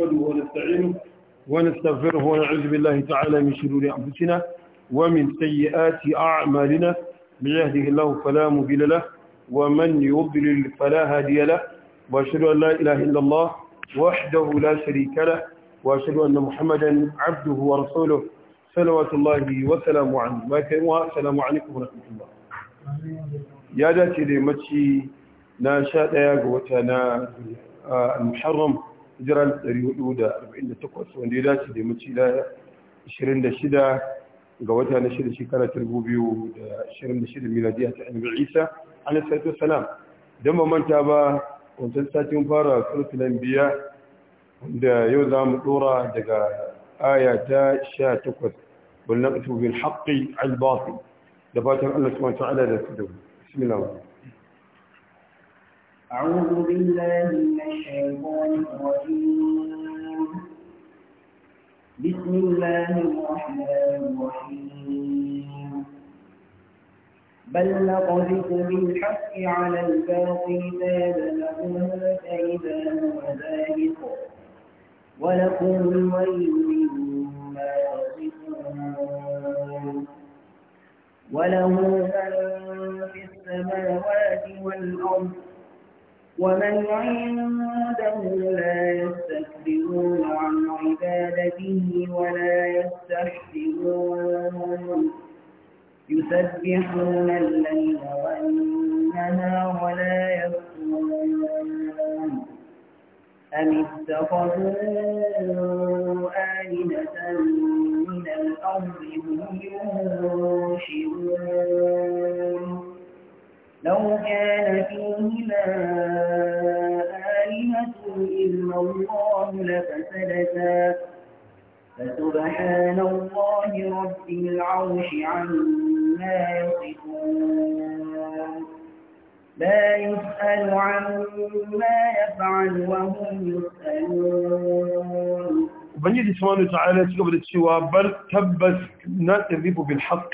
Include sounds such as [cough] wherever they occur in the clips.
نحمده ونستعينه ونستغفره ونعوذ بالله تعالى من شرور أنفسنا ومن سيئات أعمالنا من يهده الله فلا مضل له ومن يضلل فلا هادي له وأشهد أن لا إله إلا الله وحده لا شريك له وأشهد أن محمدا عبده ورسوله صلوات الله وسلامه عليه والسلام عليكم ورحمة الله يا ذاتي لمتشي na sha ɗaya ga wata na al-muharram hijira 448 wanda ya dace da mace da 26 ga wata na shida shekara 2026 miladiya ta annabi Isa alaihi salatu wassalam dan ba manta ba wancan satin fara suratul anbiya wanda yau za mu dora daga aya ta 18 wal naqtu bil haqqi al batil da fatan Allah subhanahu wa ta'ala da su bismillah أعوذ بالله من الشيطان الرجيم بسم الله الرحمن الرحيم بل نقذف بالحق على الباطل فيبلغه فإذا هو ذلك ولكم الويل مما تصفون وله من في السماوات والأرض ومن عنده لا يستكبرون عن عبادته ولا يستحسرون يسبحون الليل والنهار ولا يفترون أم اتخذوا آلهة من الأرض هم ينشرون لو كان فيهما آلهة إلا الله لفسدتا فسبحان الله رب العرش عما يصفون لا يسأل عما يفعل وهم يسألون Ubangiji سبحانه وتعالى ta'ala ya بل gaba نائب بالحق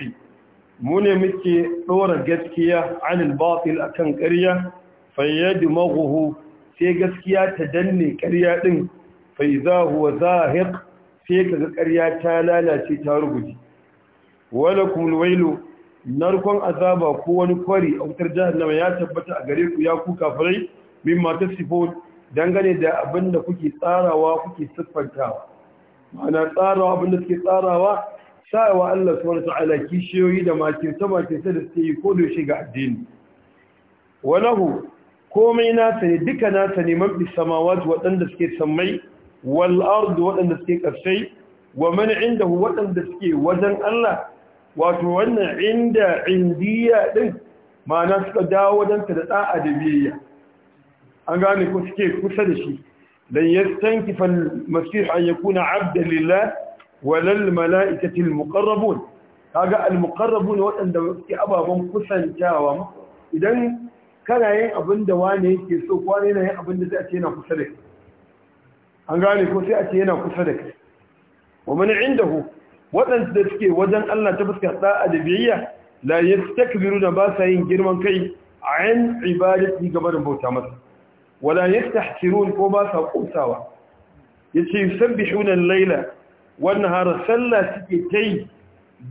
Mune muke ɗora gaskiya anil batil akan ƙarya fayyadi maguhu sai gaskiya ta danne ƙarya ɗin fai za huwa zahiq sai kaga ƙarya ta lalace ta rubuji wala kumulwailu narkon azaba ko wani kwari a wutar jahannama ya tabbata a gare ku ya kuka kafirai min mata sifon dangane da abin da kuke tsarawa kuke siffantawa ma'ana tsarawa abin da suke tsarawa sawa Allah su subhanahu wataala kishiyoyi da makinta makinta da suke yi ko da shiga addini walahu komai nasa ne duka nasa ne mafi samawat waɗanda suke sammai wal waɗanda suke ƙarsai wa man indahu waɗanda suke wajen Allah wato wannan inda indiya din ma'ana suka dawo wajen ta da da'a da biyayya an gane ko suke kusa da shi dan yastankifa al-masih an kuna 'abdan walal mala'ikati al-muqarrabun kaga al-muqarrabun waɗanda suke ababen kusantawa idan kana yin abin da wani yake so ko yana yin abin da zai ce yana kusa da kai an gane ko sai a ce yana kusa da kai wa inda indahu waɗanda suke wajen Allah ta fuskar da'a da biyayya la yastakbiruna ba sa yin girman kai a an ibadati gaba da bauta masa wala yastahsirun ko ba sa kusawa yace yusabbihuna al-laila wannan har sallah suke ta yi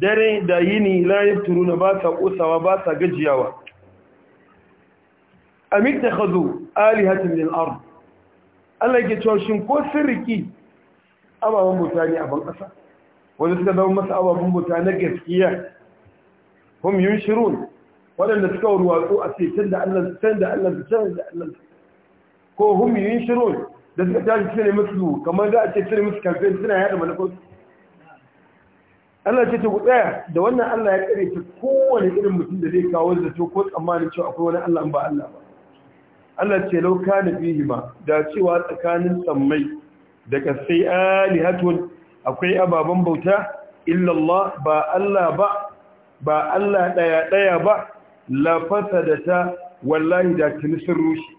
dare da yini la yafturuna ba sa kosawa ba sa gajiyawa amit takhadhu Ali min din ard Allah ke cewa shin ko sirriki ababan mutane a ban wanda suka zama masa ababan mutane gaskiya hum shirun, waɗanda suka warwatsu a ce da Allah su tunda Allah su tunda Allah su, ko hum shirun. da suka tashi cire musu kamar za a ce cire musu kamfen suna yada manufofi Allah ce ta ku tsaya da wannan Allah ya kare ta kowane irin mutum da zai kawo zato ko tsammanin cewa akwai wani Allah ba Allah ba Allah ce lauka na bihi ma da cewa tsakanin tsammai da kasai alihatun akwai ababen bauta illallah ba Allah ba ba Allah daya daya ba la fasadata wallahi da tuni sun rushe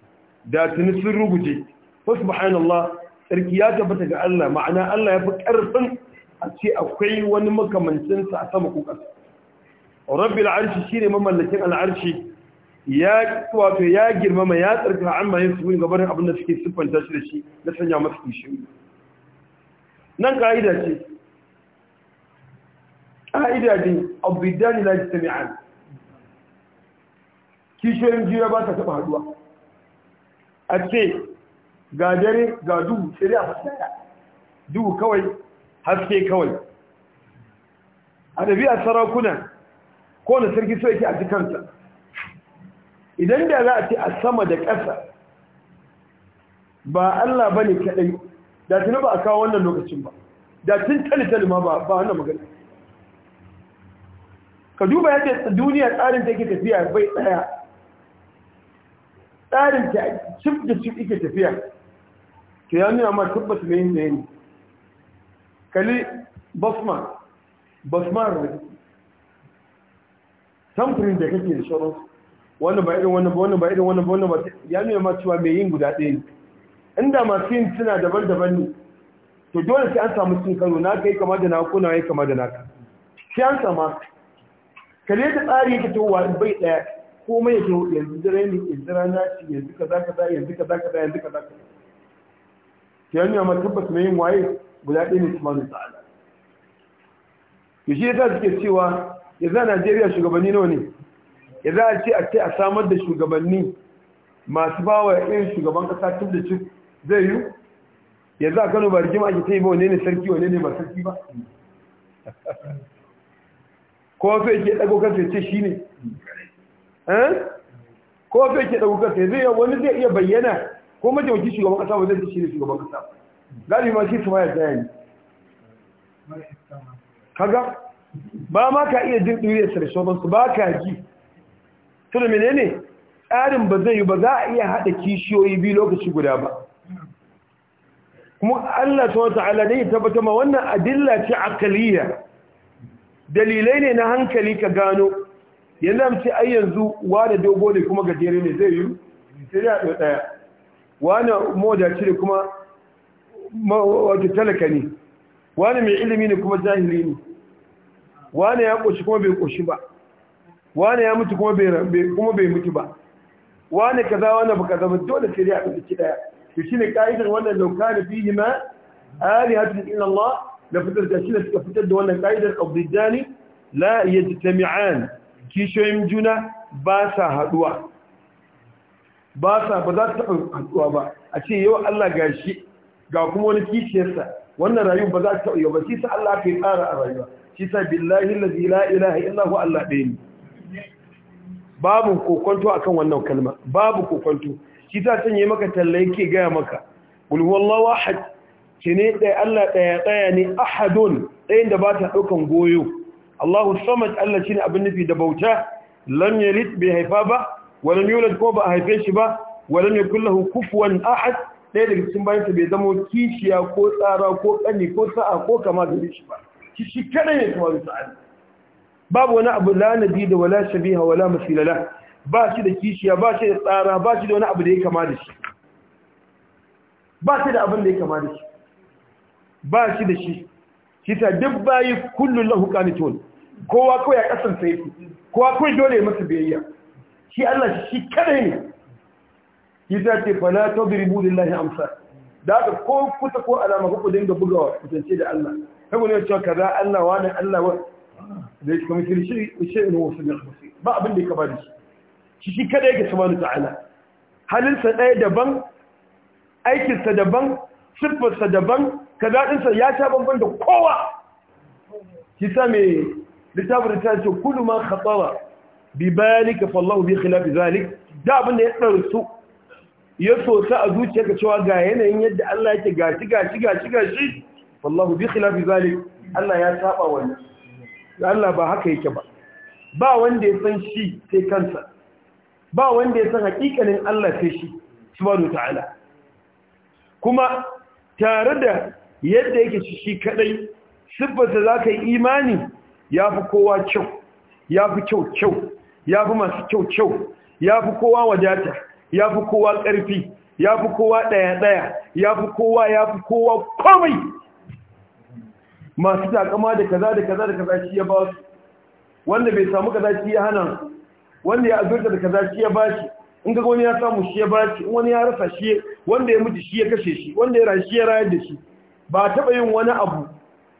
da tuni sun rubuje wasu subhanallah sarki ya tabbata ga Allah ma'ana Allah ya fi ƙarfin a ce akwai wani makamancinsa a sama ko ƙasa rabbi al'arshi shine mamallakin al'arshi ya wato ya girmama ya tsarka amma yin sukuni gaban abin da suke siffanta shi da shi na sanya masa kishi nan ka'ida ce ka'ida ne abidani la jami'an kishiyoyin jiya ba ta taɓa haduwa a ce ga dare ga duhu shari'a haske a fasara duhu kawai haske kawai a da ɗabi'ar sarakuna kowane sarki so yake a cikinsa idan da za a ce a sama da ƙasa ba Allah ba ne kaɗai da tuni ba a kawo wannan lokacin ba da tun talitali ma ba wannan magana ka duba yadda duniya tsarin ta tafiya bai ɗaya tsarin ta cif da cif ike tafiya to ya nuna mai tabbas mai yin ne kali basma basma rabi samfurin da kake da shawararsu wani ba irin wani ba wani ba irin wani ba wani ba ya nuna ma cewa mai yin guda ɗaya ne inda masu yin suna daban-daban ne to dole sai an samu sun karo na kai kama da ko na yi kama da naka sai an sama kare ta tsari yake wa bai ɗaya komai mai yanzu dare ne yanzu rana ce yanzu kaza kaza yanzu kaza kaza yanzu kaza kaza ke yanyo ma tabbas mai yin waye guda ɗaya ne subhanahu ta'ala to shi su suke cewa ya za Najeriya shugabanni nawa ne za a ce a ce a samar da shugabanni masu bawa irin shugaban ƙasa tun da cik zai yi za a Kano ba rigima ake ta yi ba wane ne sarki wane ne ba sarki ba ko fa ke dago kansa ya ce shine eh ko fa yake dago kansa zai wani zai iya bayyana ko mataimakin shugaban kasa ba zai fi shi shugaban kasa galibi ma shi suma ya tsaya ne kaga ba ma ka iya jin ɗuriyar sarshobansu ba ka ji da menene tsarin ba zai yi ba za a iya haɗa kishiyoyi biyu lokaci guda ba kuma Allah ta wata ala ne tabbata ma wannan adilla ce akaliya dalilai ne na hankali ka gano yanzu amce ai yanzu wa da dogo ne kuma gajere ne zai yi sai ya ɗaya wani moja cire kuma wata talaka ne wani mai ilimi ne kuma jahili ne wani ya ƙoshi kuma bai ƙoshi ba wani ya mutu kuma bai mutu ba wani kaza wani ba kaza ba dole sai a ɗauki ɗaya to shi ne ƙa'idar wannan lauka da fiye ma alihatun illallah da fitar da shi da suka fitar da wannan ƙa'idar abdijani la yajtami'an kishiyoyin juna ba sa haɗuwa ba sa ba za ta taɓa haɗuwa ba a ce yau Allah ga shi ga kuma wani kishiyarsa wannan rayu ba za ta taɓa yau ba shi sa Allah ka yi tsara a rayuwa shi sa billahi lazi la ilaha illahu Allah ɗaya ne babu kokonto akan wannan kalma babu kokonto shi sa sanye maka talla yake gaya maka qul huwallahu ahad shine dai Allah ɗaya ɗaya ne ahadun dayan da ba ta daukan goyo Allahu samad Allah shine abin nufi da bauta lam yalid bi haifa ba walam yulad ko ba a haife shi ba walam yakul lahu kufuwan ahad ɗaya daga cikin bayansa bai zamo kishiya ko tsara ko ƙani ko sa'a ko kama da shi ba shi shi kaɗai ne kamar sa'ad babu wani abu la nabi da wala shabiha wala masilala ba shi da kishiya ba shi da tsara ba shi da wani abu da ya kama da shi ba shi da abin da ya kama da shi ba shi da shi shi ta duk bayi kullun lahu qanitun kowa kawai ya kasance yake kowa kawai dole ya masa biyayya shi Allah shi kadai ne shi ta ce fala tadribu lillahi amsa da ka ko kusa ko alama ku dinga bugawa kusance da Allah kago ne cewa kaza Allah wani Allah wa da yake kuma shi shi shi ne wasu ne ba abin da ya kaba da shi shi kadai yake subhanahu ta'ala halinsa ɗaya daban aikinsa daban siffarsa daban kaza dinsa ya sha bambam da kowa shi sa mai littafin ta ce kullu ma khatara bi balika fallahu bi khilafi zalik da abin da ya tsarsu ya sosa a zuciyarka cewa ga yanayin yadda Allah yake gashi gashi gashi gashi fallahu bi khilafi zalik Allah ya saba wannan Allah ba haka yake ba ba wanda ya san shi sai kansa ba wanda ya san hakikanin Allah sai shi subhanahu ta'ala kuma tare da yadda yake shi kadai siffata zaka yi imani yafi kowa kyau yafi kyau kyau ya fi masu kyau kyau ya fi kowa wajata, ya fi kowa ƙarfi ya fi kowa ɗaya-ɗaya ya fi kowa ya fi kowa komai masu takama da kaza da kaza da kaza shi ya ba su wanda bai samu kaza shi ya hana su wanda ya azurta da kaza shi ya ba shi in ga wani ya samu shi ya ba shi in wani ya rasa shi wanda ya muji shi ya kashe shi wanda ya shi ya rayar da shi ba a taɓa yin wani abu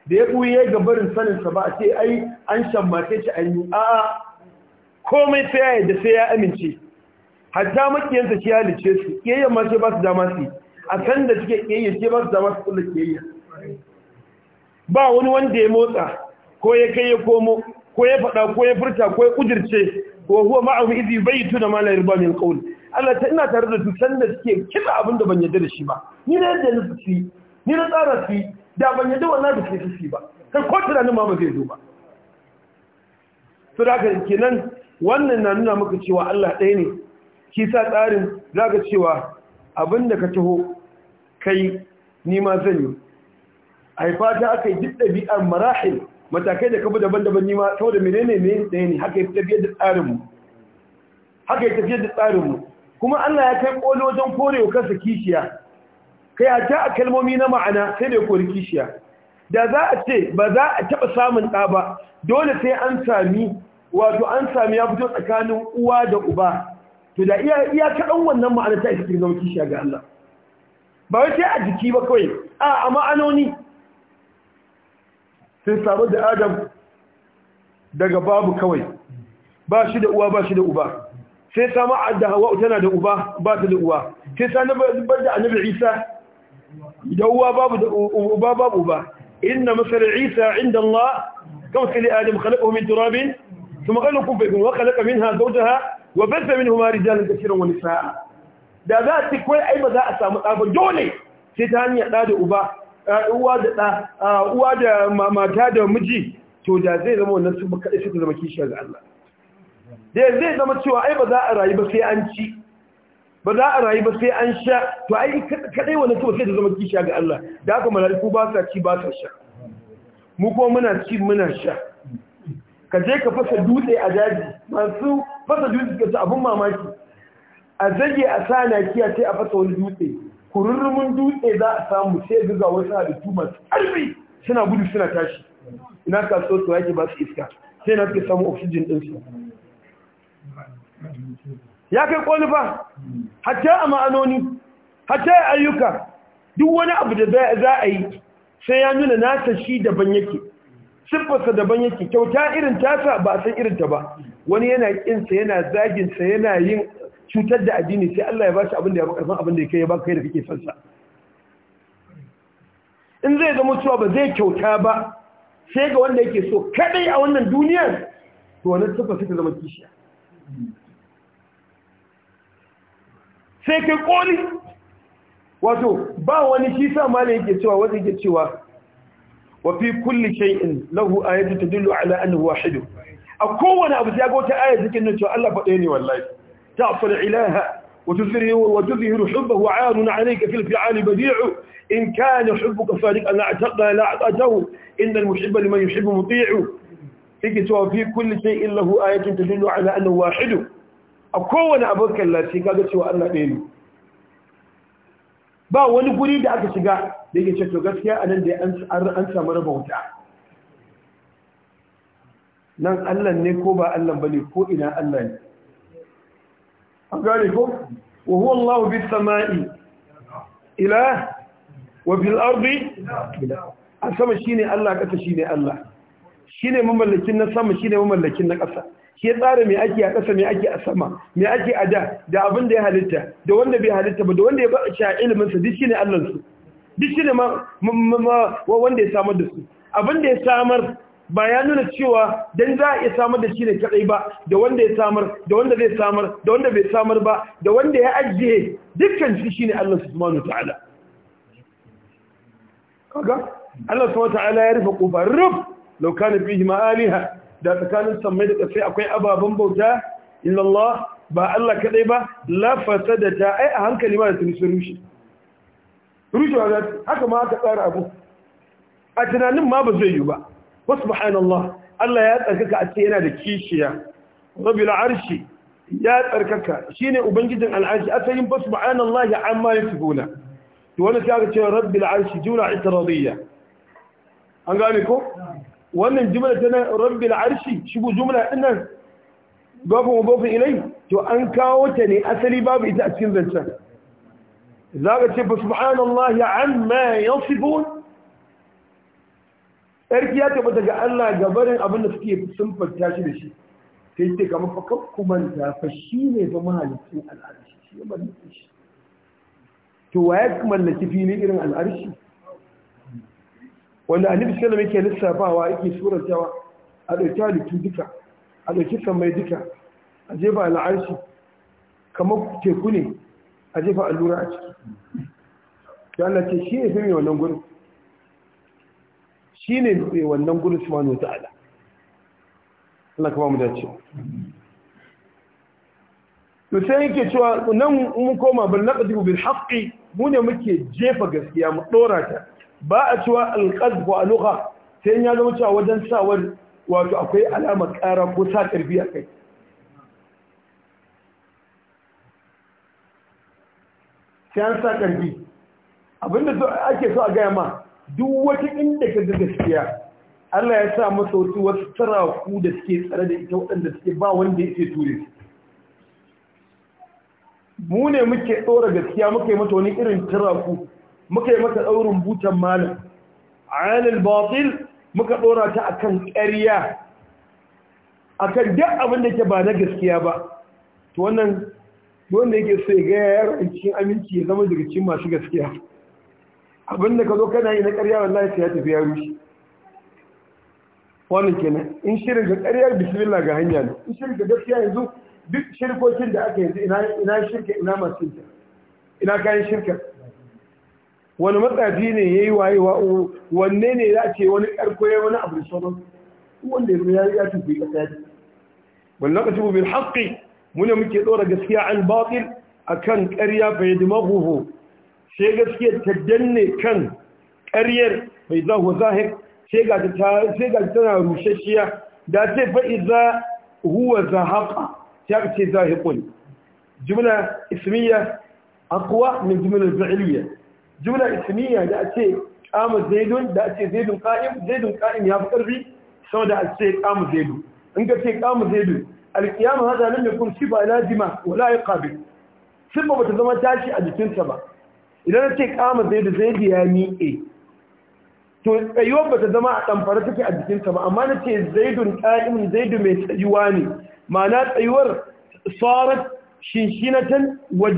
da ya ɓuye ga barin saninsa ba a ce ai an shammace shi an yi a'a komai sai ya yadda sai ya amince hatta makiyansa shi halice su kiyayya ma ce ba su dama su a kan da suke kiyayya ce ba su dama su kula ba wani wanda ya motsa ko ya kai ya komo ko ya faɗa ko ya furta ko ya kudirce ko huwa ma'amu izi bai tuna ma la min Allah ta ina tare da su da suke kira abin da ban yarda da shi ba ni na yadda na su ni na tsara su da ban yarda wannan da su ba kai ko tunanin ma ba zai zo ba Su da haka kenan wannan na nuna maka cewa Allah ɗaya ne shi sa tsarin zaka cewa abinda ka taho kai ni ma zan yi haifa ta aka yi duk ɗabi'ar marahil matakai da kabu daban-daban ni ma da menene ne ɗaya ne haka yi tafiyar da tsarinmu haka yi tafiyar da tsarinmu kuma Allah ya kai ƙoli wajen korewa kansa kishiya kai a ta a kalmomi na ma'ana sai da ya kori kishiya da za a ce ba za a taɓa samun ɗa ba dole sai an sami wato an sami ya fito tsakanin uwa da uba to da iya iya kaɗan wannan ma'ana ta isa zama kishiya ga Allah ba wai sai a jiki ba kawai a a ma'anoni sai samu da adam daga babu kawai ba shi da uwa ba shi da uba sai samu da hawa tana da uba ba ta da uwa sai sa bar da annabi isa da uwa babu da uba babu uba inna masal isa inda Allah kawai sai adam khalaqahu min turabin ثم قال لكم فإذن وخلق منها زوجها وبث منهما رجالا كثيرا ونساء da za ta kwai ai ba za a samu tsafa dole sai ta hanyar ɗa da uba uwa da ɗa uwa da mata da miji to da zai zama wannan su kaɗai suka zama kishiya ga Allah da zai zama cewa ai ba za a rayu ba sai an ci ba za a rayu ba sai an sha to ai kaɗai wannan su ba sai ta zama kishiya ga Allah da haka mala'iku ba sa ci ba sa sha mu kuma muna ci muna sha ka je ka fasa dutse a daji masu fasa dutse ga ci abin mamaki a zage a sa na sai a fasa wani dutse kururrumin dutse za a samu sai zuga wasu halittu masu ƙarfi suna gudu suna tashi ina so su yake ba su iska sai na suke samu oxygen ɗinsu ya kai ƙoli ba hatta a ma'anoni hatta a ayyuka duk wani abu da za a yi sai ya nuna nasa shi daban yake siffarsa daban yake kyauta irin tasa ba a san irin ta ba wani yana kinsa yana zaginsa yana yin cutar da addini sai Allah ya ba shi abin da ya bakarfin abin da ya kai ya ba kai da kake son sa in zai zama cewa ba zai kyauta ba sai ga wanda yake so kadai a wannan duniyar to wannan siffa sai ta zama kishiya sai kai koli wato ba wani shi sa malai yake cewa wani yake cewa wa fi kulli in lahu ayatu tadullu ala annahu wahid a kowane abu ya ga wata aya zikin nan cewa Allah faɗe ne wallahi ta'fur ilaha wa tuzhiru wa tuzhiru hubbahu aarun alayka fil fi'ali badi'u in kana hubbuka sadiq an a'taqa la a'tahu inna al-muhibba liman yuhibbu muti'u yake cewa fi kulli shay'in lahu ayatu tadullu ala annahu wahid a kowane abu kallaci kaga cewa Allah ɗaya ne ba wani guri da aka shiga da yake ce gaskiya a nan da an samu raba wuta nan Allah ne ko ba Allah bane ko ina Allah ne an gane ko wa huwa allahu bis sama'i ila wa bil ardi ila a sama shine Allah kasa shine Allah shi ne mamallakin na sama shi ne mamallakin na ƙasa shi ya tsara mai ake a ƙasa mai ake a sama mai ake a da da abin da ya halitta da wanda bai halitta ba da wanda ya bashi a iliminsa duk shi ne allansu duk shi ne wanda ya samar da su abin da ya samar ba ya nuna cewa don za a iya samar da shi ne kaɗai ba da wanda ya samar da wanda zai samar da wanda bai samar ba da wanda ya ajiye dukkan shi shi ne su manu ta'ala kaga Allah subhanahu ta'ala ya rufe kofar rub laukana bihi ma'aliha da tsakanin sammai da ƙasai akwai ababen bauta illallah ba Allah kaɗai ba fasa da ta ai a hankali ma da tuni sun rushe rushe wa zata haka ma aka tsara abu a tunanin ma ba zai yi ba wasu Allah Allah ya tsarkaka a yana da kishiya rabbil arshi ya tsarkaka shine ubangijin al'arshi asalin fa subhanallahi amma yasifuna to wannan sai aka ce rabbil arshi juna itiradiyya an gane ko wannan jumla ta nan rabbil arshi shigo jumla din nan gofa wa gofa ilai to an kawo ta ne asali babu ita a cikin zancen za ka ce ba subhanallahi amma yasifun sarki ya tabbata daga Allah gabarin abin da suke sun fanta shi da shi sai ce kamar fa kan kumanta fa shi ne fa mahalicin al'arshi shi ya mallaki shi to waye mallaki fili irin al'arshi wanda annabi sallallahu yake lissafawa yake surantawa a dauki halittu duka a dauki sammai duka a jefa al'arshi kamar teku ne a jefa allura a ciki ya Allah ce shi ne fi mai wannan gurin shi ne mai wannan gurin su manu ala. Allah kama mu dace to sai yake cewa nan mun koma bal naqdi bil haqqi mu ne muke jefa gaskiya mu dora ta ba a cewa alƙazbu a lokha sai ya zama cewa wajen sawar wato akwai alamar ƙara ko sa ƙarfi a kai sai an sa ƙarfi abinda ake so a gaya ma duk wata inda ka gaskiya Allah ya sa masa wasu wasu taraku da suke tsare da ita waɗanda suke ba wanda ya ce ture mu ne muke tsora gaskiya muka yi mata wani irin taraku muka yi mata ɗaurin butan malam alal batil muka ɗora ta akan ƙarya akan duk abin da ke ba na gaskiya ba to wannan wanda yake sai ga yaran cikin aminci ya zama daga cikin masu gaskiya abin da ka zo kana yi na ƙarya wallahi sai ya tafi ya rushe wannan kenan in shirin ga ƙaryar bismillah ga hanya ne in shirin ga gaskiya yanzu duk shirkokin da aka yanzu ina shirka ina masu ina kayan shirka wani matsafi ne ya yi wa wayewa wanne ne ya ce wani ƙarko ya wani abu sauran wanda ya ya ya tuku ya tsaya wani lokaci bu bil haƙƙi muna muke ɗora gaskiya an batil a kan ƙarya bai da mahuhu sai gaskiya ta danne kan ƙaryar bai za zahu zahir sai ga ta tana rushashiya da ce fa'iza huwa za zahaƙa ta ce zahiƙun jimla ismiya akwa min jimla fi'iliya jumla ismiya da ce kama zaidun da ce zaidun qa'im zaidun qa'im ya fi karfi sau da ce kama zaidu in ka ce kama zaidu alkiyama hada lam yakun sifa lazima wala yaqabil sifa bata zama tashi a jikinsa ba idan na ce kama zaidu zaidu ya miƙe to tsayuwar bata zama a ɗamfara take a jikinsa ba amma na ce zaidun ƙa'imin zaidu mai tsayuwa ne ma'ana tsayuwar tsarar shinshinatan wa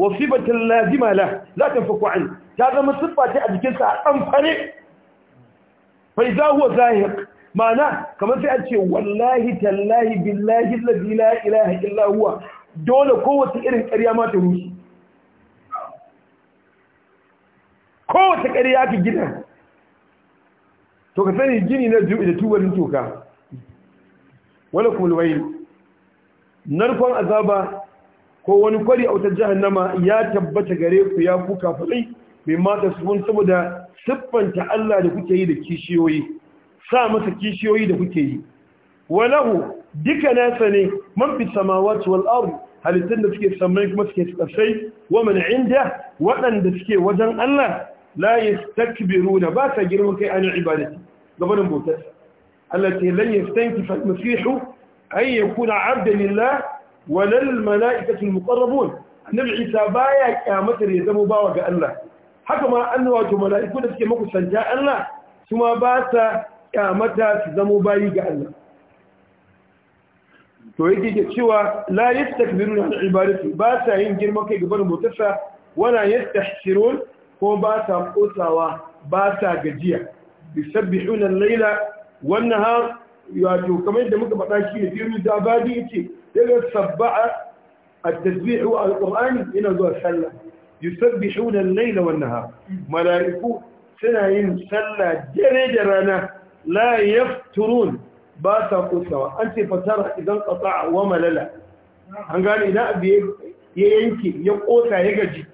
wa sifatin lazima la la tanfaku an ta zama siffa ta a jikinsa a dan fare fa idza huwa zahiq ma'ana kamar sai an ce wallahi tallahi billahi alladhi la ilaha illa huwa dole kowace irin ƙarya ma ta rushe kowace ƙarya ka gina to ka sani gini na zuwa da tubalin toka wala kuma narkon azaba ko wani kwari a wutar jahannama ya tabbata gare ku ya kuka kafirai mai mata sun saboda siffanta Allah da kuke yi da kishiyoyi sa masa kishiyoyi da kuke yi walahu duka nasa ne man fi samawati wal ardh halittun da suke samai kuma suke tsafai wa man inda waɗanda suke wajen Allah la yastakbiruna ba sa girman kai an ibadati gabanin bautar Allah ce lan yastankifa al-masih ay yakuna 'abdan lillah walal mala'ikatul muqarrabun annabi isa baya kyamata ya zama bawa ga Allah haka ma an wato mala'iku da suke makusanta Allah su ma ba kyamata su zama bayi ga Allah to yake ke cewa la yastakbiruna an ibadati ba sa yin girma kai gaban motarsa wala yastahsirun ko ba sa kosawa ba sa gajiya yusabbihuna al-laila wan nahar wato kamar da muka faɗa shi ne fi da abadi yake. تقدر تتبع التسبيح هو القرآن إن الله سلى يسبحون الليل والنهار ملائكو سنة سلى جرجرنا لا يفترون باتا قصوى أنت فترة إذا انقطع ومللا أن قال إذا أبي ينكي يقوتا يقجي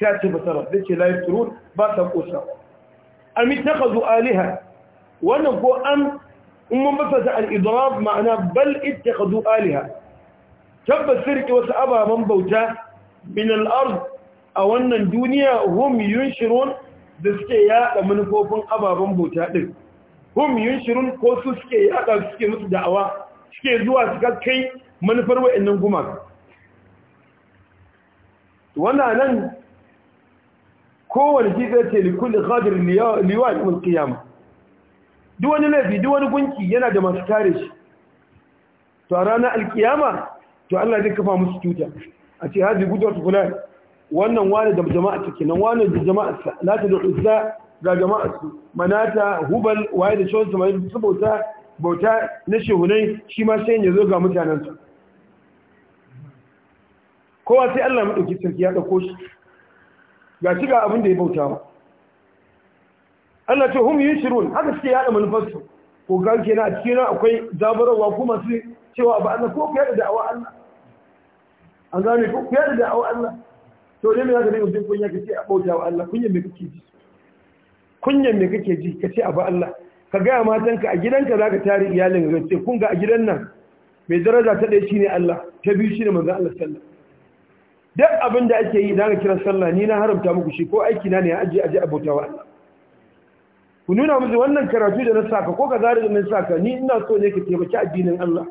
سأتي فترى ذلك لا يفترون باتا قصوى أم يتخذوا آلهة وأنا أقول أن أم مفتة الإضراب معناه بل اتخذوا آلهة tabbas riƙe wasu ababen bauta min arz a wannan duniya hum yunshirun da suke yada manufofin ababen bauta din hum yunshirun ko su suke yada suke musu da'awa suke zuwa su kai manufar wa'annan gumaka wannan nan kowane shi zai ce likulli khadir liwa ilmul qiyama duk wani laifi duk wani gunki yana da masu kare shi to a ranar alkiyama to Allah zai kafa musu cuta a ce hadi gudar fulan wannan wani da jama'a take nan wani da jama'a sa la ta da uzza ga jama'a su manata hubal waye da shawar samari su bauta bauta na shehunai shi ma sai ya zo ga mutanen su kowa sai Allah dauki sarki ya dauko shi ga shi ga abin da ya bauta ba Allah ce hum yushrun haka suke yada manufarsu ko ga kenan a cikin akwai zaburarwa ko masu cewa ba Allah ko fiye da da'awa Allah an gane ko fiye da da'awa Allah to ne me zaka ne mutum kunya kace a bauta wa Allah kunya me kake ji kunyan me kake ji kace a ba Allah ka ga matanka a gidanka zaka tare iyalin ka ce kun ga a gidan nan mai daraja ta ɗaya shine Allah ta biyu shine manzon Allah sallallahu duk abin da ake yi idan ka kira sallah ni na haramta muku shi ko aiki na ne ya aje aje bauta wa Allah ku nuna musu wannan karatu da na saka ko ka zari da mai saka ni ina so ne ka taimaki addinin Allah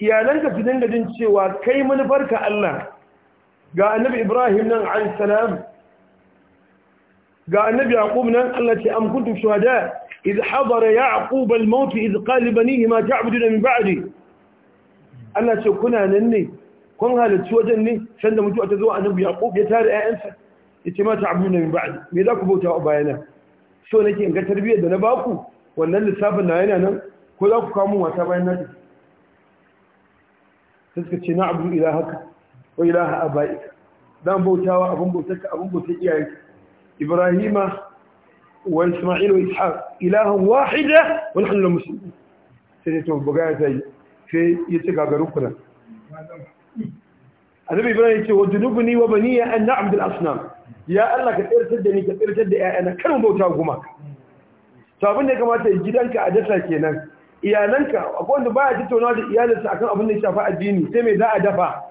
iyalanka su dinga jin cewa kai manufarka Allah ga annabi Ibrahim nan alayhi salam ga annabi Yaqub nan Allah ce am kuntum shuhada hadara yaqub al maut إذ qala لبنيه ma ta'buduna min ba'di Allah ce kuna nan ne kun halarci wajen ne sanda mutuwa ta zo annabi Yaqub ya tare ayyansa yace ma ta'buduna min ba'di me za ku bauta wa bayana so nake in ga tarbiyyar da na baku wannan lissafin na yana nan ko za ku kamun wata bayan na tafi suka ce na abu ko ila ha abai dan bautawa abun ka abun bautar iyayenka ibrahima wa isma'il wa ishaq ilahan wahida wa nahnu muslimun sai to bugaya sai sai ya ci gagarin kuna annabi ibrahim ya ce wa junubni wa baniya an na'budu al-asnam ya Allah ka tsirtar da ni ka tsirtar da ƴaƴana kan bauta goma to abin da ya kamata gidanka a dasa kenan iyalanka akwai wanda baya tattauna da iyalinsa akan abin da ya shafi addini sai me za a dafa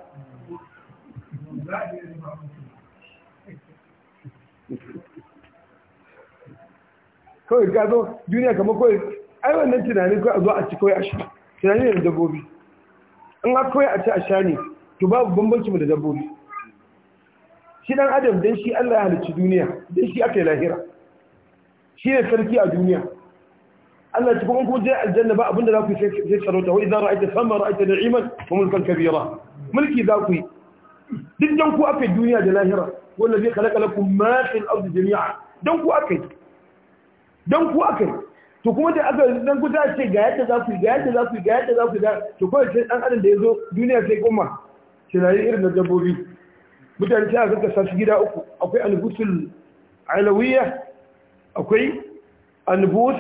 kawai ka zo duniya kamar kawai ai wannan tunanin kawai a zo a ci kawai a sha tunanin da dabbobi in ha kawai a ci a sha ne to babu bambanci mu da dabbobi shi dan adam dan shi Allah ya halicci duniya dan shi aka yi lahira shi ne sarki a duniya Allah ta kuma kun je aljanna ba abinda za ku sai sarauta wa idan ra'aita sama ra'aita na'iman wa mulkan kabira mulki za ku yi duk dan ku aka duniya da lahira wanda zai khalaqa lakum ma fil ardi jami'a dan ku aka dan ku aka to kuma da aka dan ku ta ce ga yadda za ku ga yadda za ku ga yadda za ku ga to kawai sai dan adam da yazo duniya sai kuma shi rayi irin da dabbobi mutane sai aka karkasa su gida uku akwai albusul alawiyya akwai albus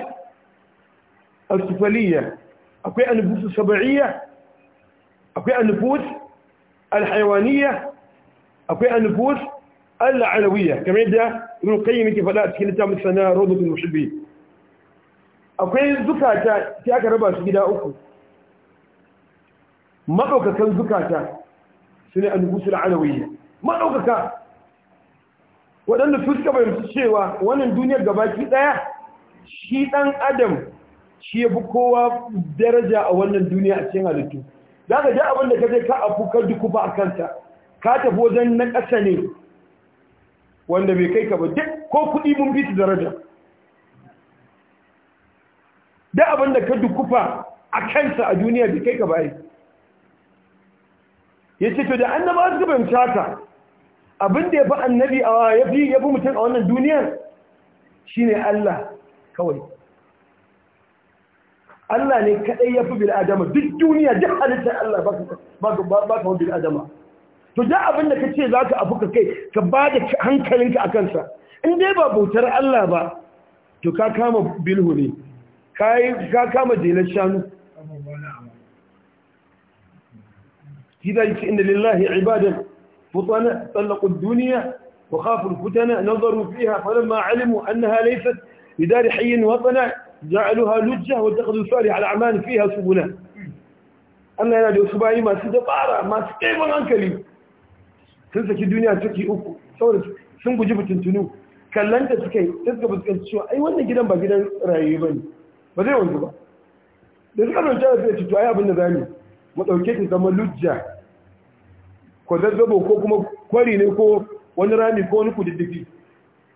asfaliyya akwai albus sab'iyya akwai albus alhayawaniyya akwai albus al'alawiyya kamar yadda ibn qayyim yake fada a cikin littafin sana rawdatul muhibbin akwai zukata sai aka raba su gida uku madaukakan zukata sune albusul alawiyya maɗaukaka waɗanda su suka fahimci cewa wannan duniyar gabaki ɗaya shi ɗan adam shi ya fi kowa daraja a wannan duniya a cikin halittu za ka ja abin da ka je ka afu ka ba a kanta ka tafi wajen na ƙasa ne wanda bai kai ka ba duk ko kuɗi mun fi su daraja da abin da ka ba a kansa a duniya bai kai ka ba ya ce to da annaba su yin haka abin da ya fi annabi a ya fi mutum a wannan duniyar shi ne Allah kawai Allah ne kaɗai ya fi bil'adama duk duniya duk halittar Allah ba ka bil'adama to da abin da ka ce za ka abu ka kai ka ba da hankalinka a kansa in dai ba bautar Allah ba to ka kama bilhu ne ka kama jelar shanu shi za inda lillahi ibadan فطنة طلقوا الدنيا وخافوا الفتنة نظروا فيها فلما علموا أنها ليست لدار حي وطنة جعلوها لجة واتخذوا سؤالي على أعمال فيها سبلا أنا أنا ينادي أسباني ما سيدة طارة ما سيدة عن كلمة تنسك الدنيا تكي أكو صورت ثم جبت تنو كلنت تكي تنسك بسكت شو أي وانا جدا با جدا رأيباني بذي وانتبا لذلك أنا جاء في أتتو آياب النظامي ما توكيت زمان لجة zazzabo ko kuma kwari ne ko wani rami ko wani kududdufi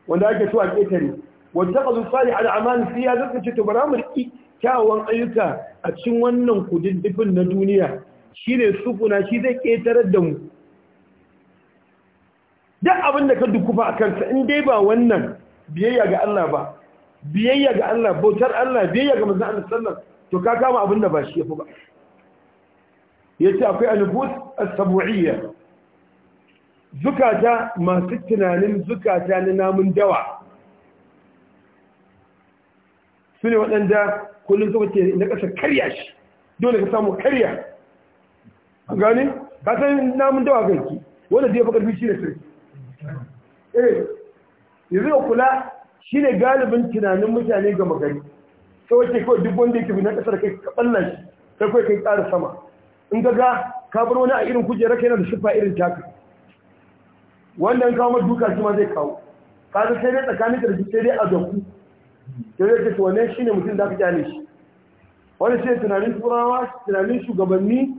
wanda ake so a ƙetare wanda ka zuwa tsari al'amal sai ya zaka ce to bara mu riki kyawawan ayyuka a cikin wannan kududdufin na duniya shine sufuna shi zai ƙetare da mu duk abin da ka dukufa a kansa in dai ba wannan biyayya ga Allah ba biyayya ga Allah bautar Allah biyayya ga manzon Allah sallallahu to ka kama abin da ba shi yafi ba yace akwai al-nufus as-sab'iyya zukata masu tunanin zukata na namun dawa su ne waɗanda kullum zuwa ke na ƙasa karya shi dole ka samu karya a gane ta yi namun dawa ganki wanda zai fi ƙarfi shi da sarki eh yanzu ka kula shi ne galibin tunanin mutane ga magani ta wace kawai duk wanda yake na ƙasar kai ka ɓalla shi kai kawai kai ƙara sama in ka ga ka bar wani a irin kujera kai na da shufa irin taka wannan kawo duka shi ma zai kawo kaga sai dai tsakanin da sai dai a zaku sai dai ne wannan shine mutum da ka kyale shi wani sai tunanin turawa tunanin shugabanni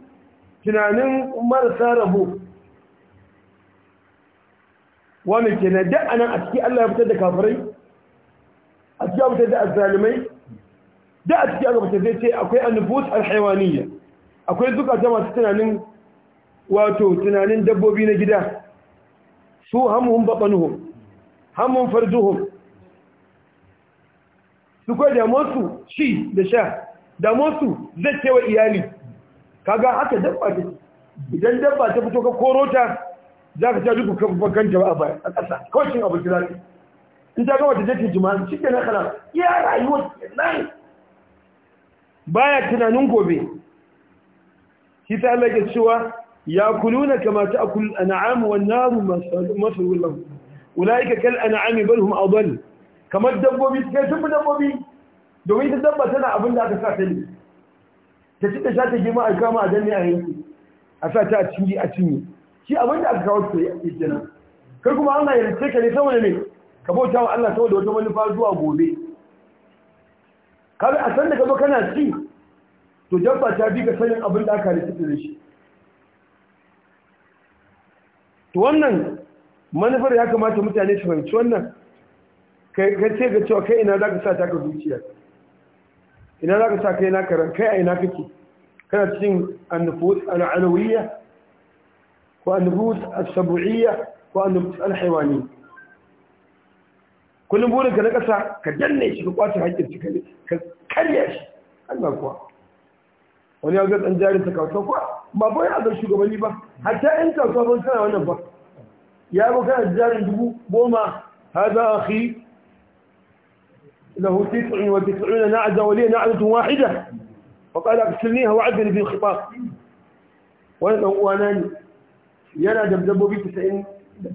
tunanin marasa rabo wani ke na da anan a ciki Allah ya fitar da kafirai a cikin ya da azzalimai da a ciki aka fitar ce akwai annufus alhaiwaniya akwai zukata masu tunanin wato tunanin dabbobi na gida su hamuhun baɓanuhun hamun farjuhun su kai damonsu shi da sha damonsu zai cewa iyali kaga haka dabba ta idan dabba ta fito ka koro ta za ka caji kuka bakan jama'a a ƙasa kawai cin abinci in ta gama ta je ta jima'a cikin na kana ya rayuwar nan baya tunanin gobe shi ta Allah ke cewa Ya a يأكلون كما تأكل الأنعام والنار مثل لهم أولئك a بل kamar أضل كما الدبوبي كيسم الدبوبي domin ta dabba tana abin da aka sa ta ne ta ci ta sha ta gima a kama a danne a yanki a sa ta a cinye a cinye shi abin da aka kawo ta yi kenan kar kuma an hayar ce ka ne saboda ne ka bauta wa Allah saboda wata manufa zuwa gobe kaga a san da gaba kana ci to dabba ta bi ka sanin abin da aka halitta da shi to wannan manufar ya kamata mutane su fahimci wannan ka ce ga cewa kai ina za ka sa ka zuciya ina za ka sa kai na karan kai a ina kake kana cikin annufus al'alawiyya ko annufus al-sabu'iyya ko annufus al-haywani kullum burin ka na kasa ka danne shi ka kwace haƙƙin shi ka karya shi Allah kuwa wani ya ga tsan jari ta kawo kuwa ba ba ya da shugabanni ba hatta in ka so ban sana wannan ba نعزه ولي نعزه واحده وقال اقتلنيها وعدني في الخطاب وانا وانا يرى دبدبوبي 99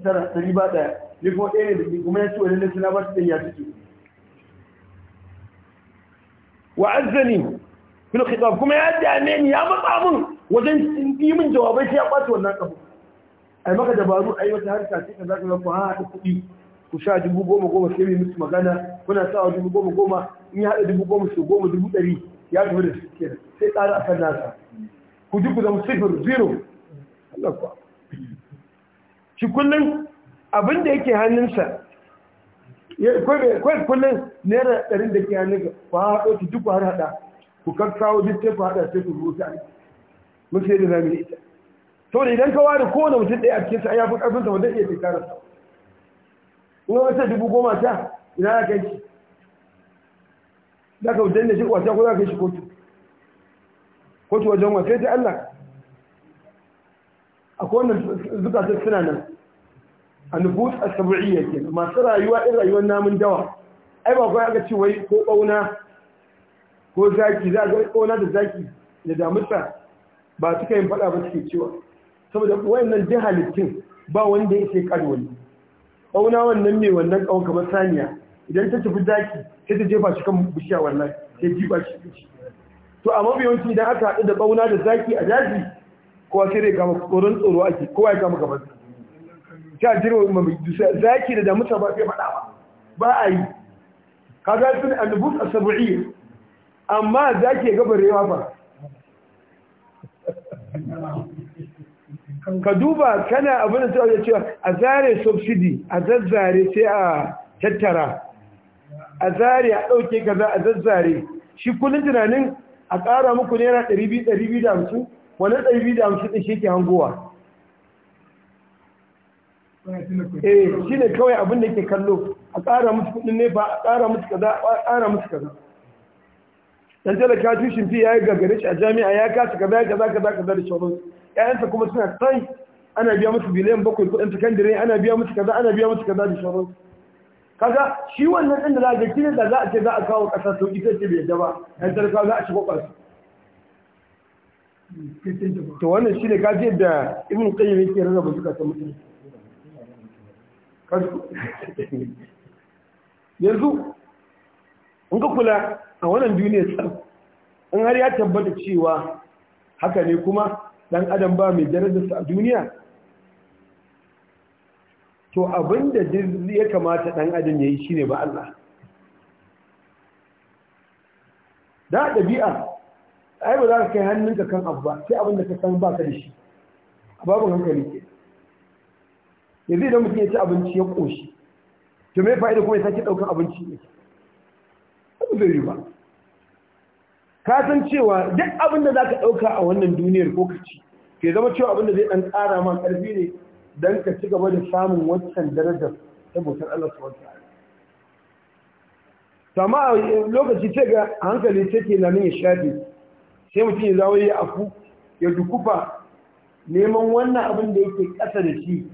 تقريبا ده لفو ايه اللي جمعت سوى اللي سنا بس يا تيجي وعزني في الخطاب كما يدي امين يا مطعمون wajen yi min jawabai sai ya ɓaci wannan abu a yi maka dabaru a yi wata harka ce ka za ka zama haɗa kuɗi ku sha dubu goma goma sai mai mutu magana kuna sa dubu goma goma in ya haɗa dubu goma sau goma dubu ɗari ya tafi da su kenan sai tsara a nasa ku ji ku zama sifir zero Allah kuwa shi kullum abin da yake hannunsa kawai kullum naira ɗarin da ke hannunsa ku haɗo ki duk har haɗa ku kakkawo duk sai ku haɗa sai ku rubuta mun fiye da zamu da ita to da idan ka ware kowane mutum ɗaya a cikin sa ya fi ƙarfinsa ba zai iya tsakara sa in ka masa dubu goma ta ina za ka yi shi za ka wajen da shi kwasa ko za ka yi shi kotu kotu wajen wasai ta Allah akwai wannan zukatan suna nan a nufus a sabu'iyya ke masu rayuwa ɗin rayuwar namun dawa ai ba kawai aka ce wai ko ɓauna ko zaki za a ga ɓauna da zaki da damusa ba suka yin faɗa ba suke cewa saboda wayannan duk halittun ba wanda yake kare wani ƙauna wannan mai wannan ƙawon kamar saniya idan ta tafi zaki sai ta jefa shi kan bishiya wannan sai jiba shi kici to a mabiyanci idan aka haɗu da ƙauna da zaki a daji kowa sai dai kama tsoron tsoro ake kowa ya kama gaban ta jirwa mai zaki da damuta ba sai faɗa ba ba a yi kaga sun annubus as-sab'iyya amma zaki ga barewa ba ka duba kana abin da ta wajen cewa a zare subsidi a zazzare sai a tattara a zare a ɗauke kaza a zazzare shi kullum tunanin a ƙara muku naira 200-250 wani 250 ɗin shi ke hangowa eh shi ne kawai abin da ke kallo a ƙara musu kudin ne ba a ƙara musu kaza a ƙara musu kaza dan ka tushin fi yayi gargare shi a jami'a ya kasa kaza kaza kaza kaza da shauran ƴaƴansa kuma suna sai ana biya musu biliyan bakwai kuɗin sakandare ana biya musu kaza ana biya musu kaza da shauran kaga shi wannan ɗin da za ga kine da za a ce za a kawo ƙasa to ita ce bai yadda ba ƴan talaka za a shigo ƙasa to wannan shi ne kaji da ibn qayyim yake rarraba ta mutane [laughs] yanzu in ka kula a wannan duniyar sa, in har ya tabbata cewa haka ne kuma dan adam ba mai darajarsa a duniya to abinda ya kamata dan adam ya yi shine ba Allah da ɗabi'a ai ba za ka kai hannunka kan abu ba sai abinda ka san ba ka da shi a babu hankali ke yanzu idan mutum ya ci abinci ya ƙoshi to mai fa'ida kuma ya sake ɗaukar abinci ne abu zai yi ba ka san cewa duk abin da za ka ɗauka a wannan duniyar ko ka ci ke zama cewa abin da zai ɗan ƙara ma ƙarfi ne don ka ci gaba da samun wancan darajar ta bautar Allah su wata sama a lokaci ce ga hankali ce ke nan ya shafe sai mutum ya zawo ya afu ya dukufa neman wannan abin da yake ƙasa da shi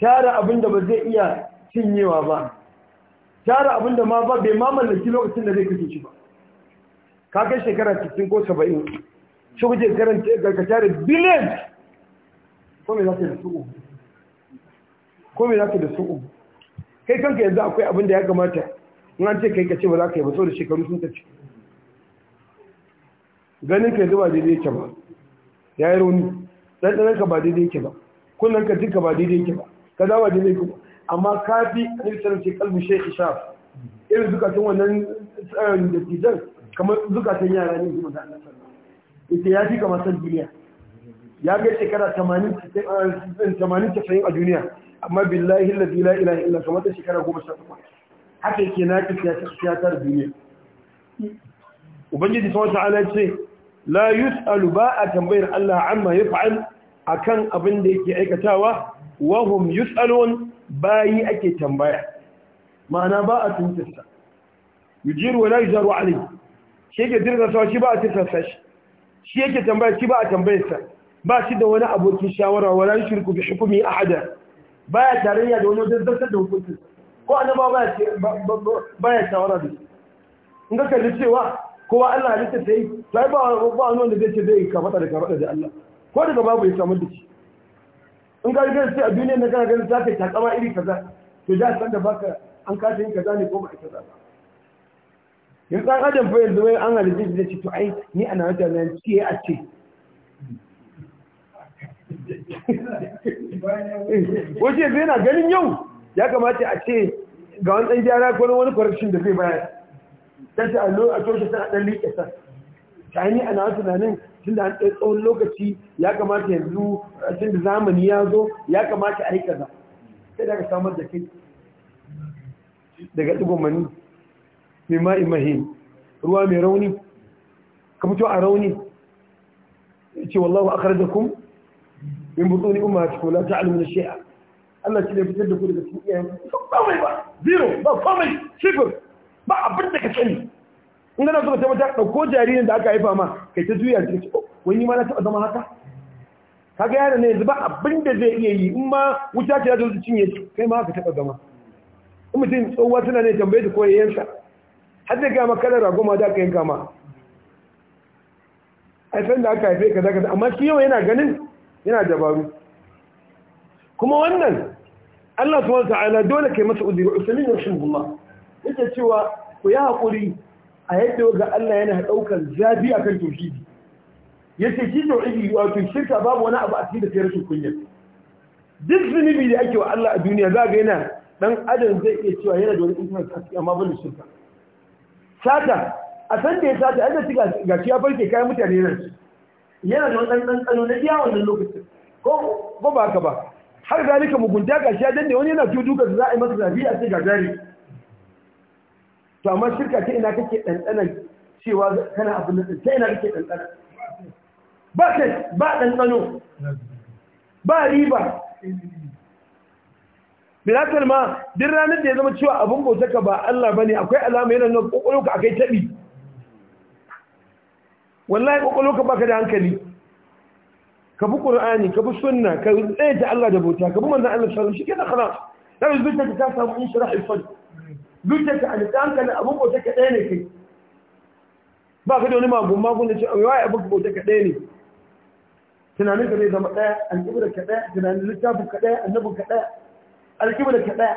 tara abin da ba zai iya cinyewa ba tara abin da ma ba bai mamallaki lokacin da zai kashe shi ba ka kai shekara 60 ko 70 shi kuke karanta garkata tare biliyan ko me za ka da su ko me za ka da su kai kanka yanzu akwai abin da ya kamata in an ce kai ka ce ba za ka yi ba da shekaru sun tafi ganin ka yanzu ba daidai yake ba ya yi rauni ɗanɗanan ka ba daidai yake ba kullum ka duka ba daidai yake ba ka za ba daidai yake ba amma ka fi annabi sallallahu alaihi wasallam ce kalbu shaykh irin zukatun wannan tsarin eh, da tijan kamar zukatan yara ne zuwa da ita ya fi kama san duniya ya ga shekara 80 eh, a duniya amma billahi lalzi la ilaha illa kamar ta shekara 18 haka yake na ki siyatar duniya ubangiji sau ta'ala ce la yus'alu ba a tambayar Allah amma ya fa'al akan abin da yake aikatawa wa wahum yus'alun bayi ake tambaya ma'ana ba a tuntarsa yujiru wa la yujaru alayhi shi yake dirga sawa shi ba a cikin sashi shi yake tambaya shi ba a tambayarsa ba shi da wani abokin shawara wala shirku bi hukumi ahada ya tarayya da wani dantar da hukuncin ko annaba ba ya shawara da shi in ka kalli cewa kowa Allah halitta ta yi sai ba ba wani wanda zai ce zai yi kamata da kamata da Allah ko daga babu ya samu da shi in ga ga sai a duniya na kana ganin za ka yi takama iri kaza to da san da baka an kasa yin kaza ne ko ba kaza ba yanzu ɗan adam fa yanzu wai an halitta da ce to ai ni ana wata nan ce a ce wace yanzu yana ganin yau ya kamata a ce ga wani ɗan gyara ko wani correction da zai bayar dan ta allo a toshe tana dan liƙe sa ta ni ana wata nan tun da an ɗaya tsawon lokaci ya kamata yanzu tun da zamani ya zo ya kamata a yi kaza sai ka samar da kai daga ɗigon mimma imahin ruwa mai rauni kamar fito a rauni ce wallahu ne umar butuni ummatikum la ta'lamuna shi'a Allah shi ne fitar da kudu da su iya ba ba zero ba komai shifir ba abin da ka sani in gana suka tabbata ɗauko jaririn da aka haifa ma kai ta juya ce oh, wani ma na taɓa zama haka kaga yana ne yanzu ba abin da zai iya yi in ma wuta ce ya zo cinye kai ma haka taɓa zama in mutum tsohuwa tana ne tambaye da koyayyansa har zai gama rago ragoma da aka yi kama. a da aka haife ka zaka amma shi yau yana ganin yana dabaru kuma wannan Allah subhanahu ta'ala dole kai masa uzuri shin rahimahullah yake cewa ku yi hakuri a yadda ga Allah yana daukar zabi akan tauhidi yace shi tauhidi wato shirka babu wani abu a cikin da sai rashin kunya duk zunubi da ake wa Allah a duniya za ga yana dan adam zai iya cewa yana da wani interest amma ban shirka sata a san da ya sata an da ga shi ya farke kayan mutane nan yana da wani ɗanɗano na iya wannan lokacin ko ba haka ba har zalika mugunta ga shi ya danne wani yana tudu su za a yi masa zafi a sai ga gari to amma shirka ta ina kake ɗanɗanan cewa kana abin da ta ina kake ɗanɗana ba ka ba ɗanɗano ba riba bilatar ma Din ranar da ya zama cewa abin bauta ka ba Allah ba ne akwai alama yana nan ƙwaƙwalwa a kai taɓi wallahi ƙwaƙwalwa ka baka da hankali ka bi ƙur'ani ka bi sunna ka tsaye ta Allah da bauta ka bi manzan Allah sallam shi ke da kana ta yi zuciya ta samu in shirah ifad zuciya ka alita hankali abin bauta ka ɗaya ne kai ba ka da wani magun magun da ce a wai abin bauta ka ɗaya ne tunanin ka zai zama ɗaya alƙibar ka ɗaya tunanin littafin ka ɗaya annabin ka ɗaya alƙibar ka ɗaya